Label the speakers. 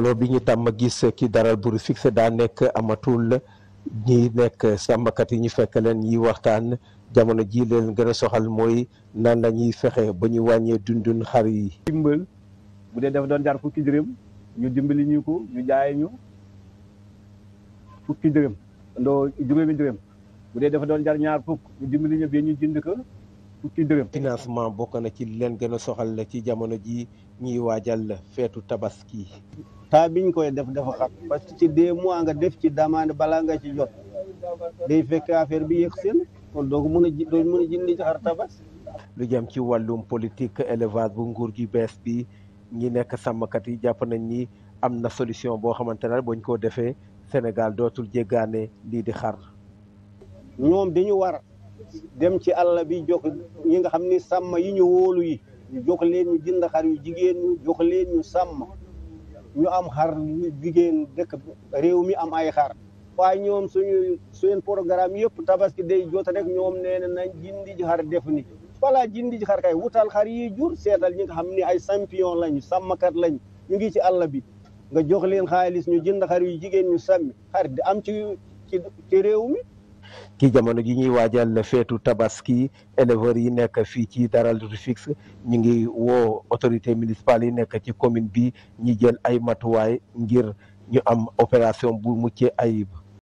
Speaker 1: mbooloo bi ñu tàmm a gis ki daral buru fixe daa nekk amatul ñi nekk sàmmkat yi ñu fekk leen ñiy waxtaan jamono ji leen gën a soxal mooy nan la fexe ba ñu wàññee dundun xar yi
Speaker 2: dimbal bu dee dafa doon jar fukki dërëm ñu dimbali ñu ko ñu jaay ñu fukki dërëm ndoo juróomi dërëm
Speaker 1: bu dee dafa doon jar ñaar fukk ñu dimbali ñu bi ñu jënd ko fukki dërëm financement bokk na ci leen gën soxal la ci jamono ji ñuy waajal la feetu tabaski taa biñ koy def dafa xat parce que ci deux nga def ci demande balaa nga ci jot
Speaker 3: day fekk affaire bi yëg seen kon doo mën a ji mën a jënd ci xar tabas
Speaker 1: lu jëm ci wàllum politique élevage bu nguur gi bees bi ñi nekk sàmmkat yi jàpp nañ ni am na solution boo xamante ne buñ ko defee Sénégal dootul jéggaane lii di xar
Speaker 3: ñoom dañu war dem ci àll bi jox ñi nga xam ni sàmm yi ñu wóolu yi ñu jox leen ñu jënd xar yu jigéen ñu jox leen ñu sàmm ñu am xar yu jigéen dëkk réew mi am ay xar waaye ñoom suñu seen programme yëpp tabaski day jot rek ñoom nee na nañ jindi ji xar def ni voilà jindi ji xar kay wutal xar yi jur seetal ñi nga xam ni ay champion lañu sàmmkat lañ ñu ngi ci àll bi nga jox leen xaalis ñu jënd xar yu jigéen ñu sàmmi xar di am ci ci réew mi
Speaker 1: ci jamono ji ñuy waajal feetu tabaski éleveurs yi nekk fii ci Daral Rufisque ñu ngi woo autorité municipale yi nekk ci commune bi ñi jël ay matuwaay ngir ñu am opération bu muccee ayib